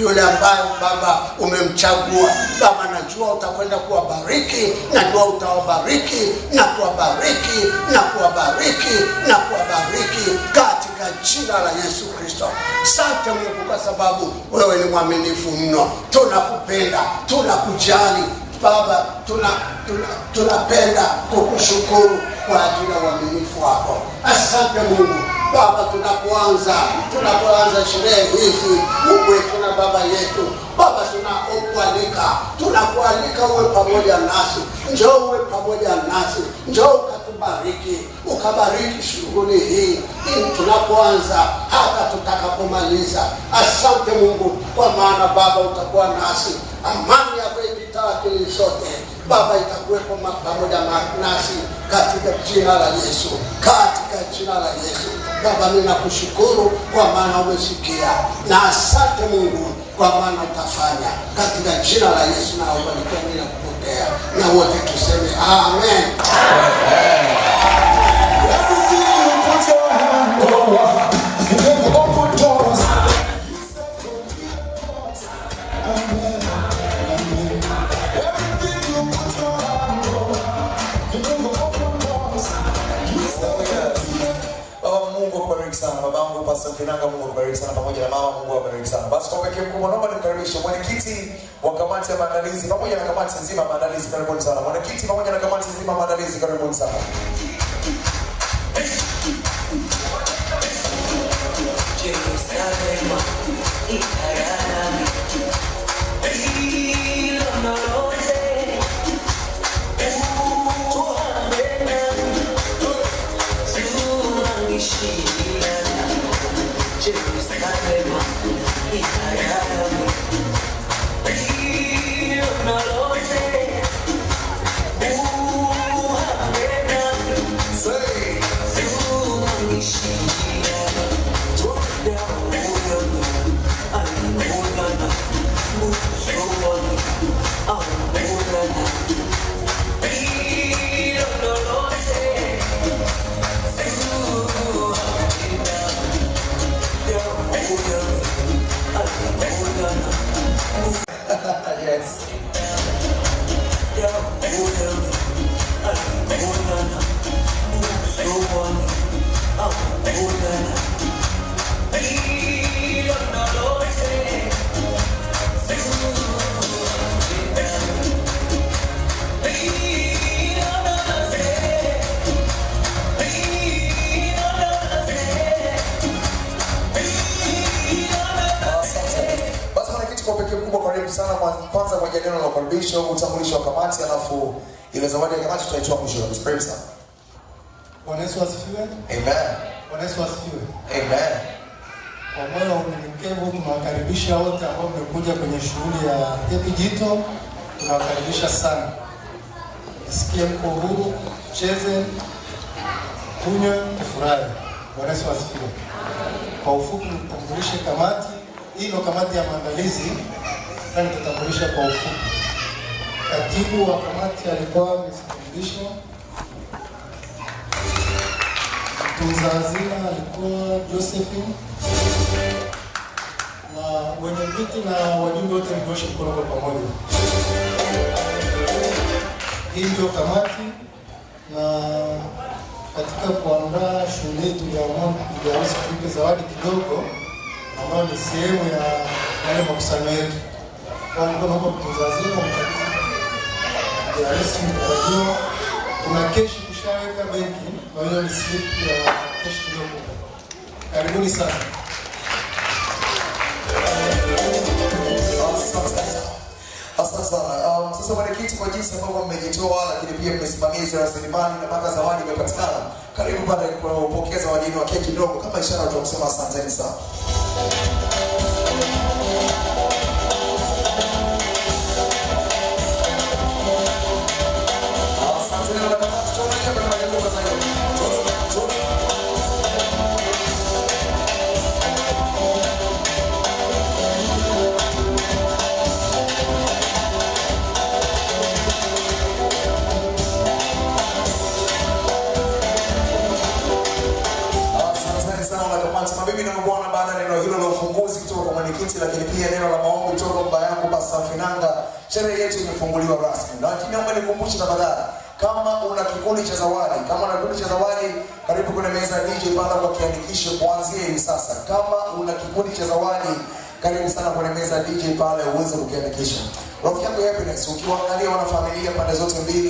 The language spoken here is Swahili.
yule ambayo Baba umemchagua. Baba, najua utakwenda kuwabariki, najua utawabariki na kuwabariki na kuwabariki na kuwabariki katika jina la Yesu Kristo. sante Mungu kwa sababu wewe ni mwaminifu mno, tunakupenda, tunakujali Baba, tuna tunapenda tuna kukushukuru kwa ajili ya uaminifu wako. Asante Mungu. Baba, tunapoanza tunapoanza sherehe hizi, Mungu wetu na Baba yetu, Baba, tunakualika tunakualika uwe pamoja nasi, njoo uwe pamoja nasi, njoo ukatubariki, ukabariki shughuli hii tunapoanza hata tutakapomaliza. Asante Mungu, kwa maana Baba utakuwa nasi, amani yako ipita akili zote Baba itakuwepo pamoja nasi katika jina la Yesu, katika jina la Yesu. Baba, nakushukuru kwa maana umesikia, na asante Mungu kwa maana utafanya katika jina la Yesu. Naomba walikuwa bila kupotea, na wote tuseme amen, amen. Pastor Mfinanga, Mungu akubariki sana pamoja na mama, Mungu akubariki sana. Basi kwa upekee mkubwa naomba nikaribishe mwenyekiti wa kamati ya maandalizi pamoja na kamati nzima ya maandalizi, karibuni sana. Mwenyekiti pamoja na kamati nzima ya maandalizi, karibuni sana. Jerusalema, this. kwa pekee mkubwa, karibu sana. Kwanza kwa neno la ukaribisho, utambulisho wa kamati, alafu ile zawadi ya kamati tutaitoa mwisho kabisa. Karibu sana. Bwana Yesu asifiwe. Amen. Bwana Yesu asifiwe. Amen. Kwa moyo wa unyenyekevu tunawakaribisha wote ambao mmekuja kwenye shughuli ya Happy Jito, tunawakaribisha sana. Nisikie mko huru, cheze, kunywe, tufurahi. Bwana Yesu asifiwe. Kwa ufupi, mtambulishe kamati hii ndio kamati ya maandalizi, na nitatambulisha kwa ufupi. Katibu wa kamati alikuwa amesimamishwa, mtunza hazina alikuwa Josephine, na wenye viti na wajumbe wote mnyoshe mkono kwa pamoja. Hii ndio kamati na katika kuandaa shule tuliamua kugawa zawadi kidogo ambayo ni sehemu ya yale makusanyo yetu kama mkono huko mtuzazima ya rasmi kuna keshi kushaweka benki kwa hiyo ni slip ya keshi kidogo karibuni sana Asante sana. Um, sasa mwenyekiti, kwa jinsi ambavyo mmejitoa, lakini pia mmesimamia hizo rasilimali na mpaka zawadi imepatikana, karibu baada ya kupokea zawadi yenu wa keki ndogo kama ishara ya kusema asanteni sana. Thank you. mwenyekiti, lakini pia neno la maombi kutoka baba yangu Pastor Finanga. Sherehe yetu imefunguliwa rasmi, lakini naomba nikumbushe tafadhali, kama una kikundi cha zawadi, kama una kikundi cha zawadi, karibu kuna meza DJ pala kwa kiandikisho kuanzia hivi sasa. Kama una kikundi cha zawadi, karibu sana kwenye meza DJ pale uweze kukiandikisha. Rafiki yangu Happiness, ukiwaangalia wanafamilia pande zote mbili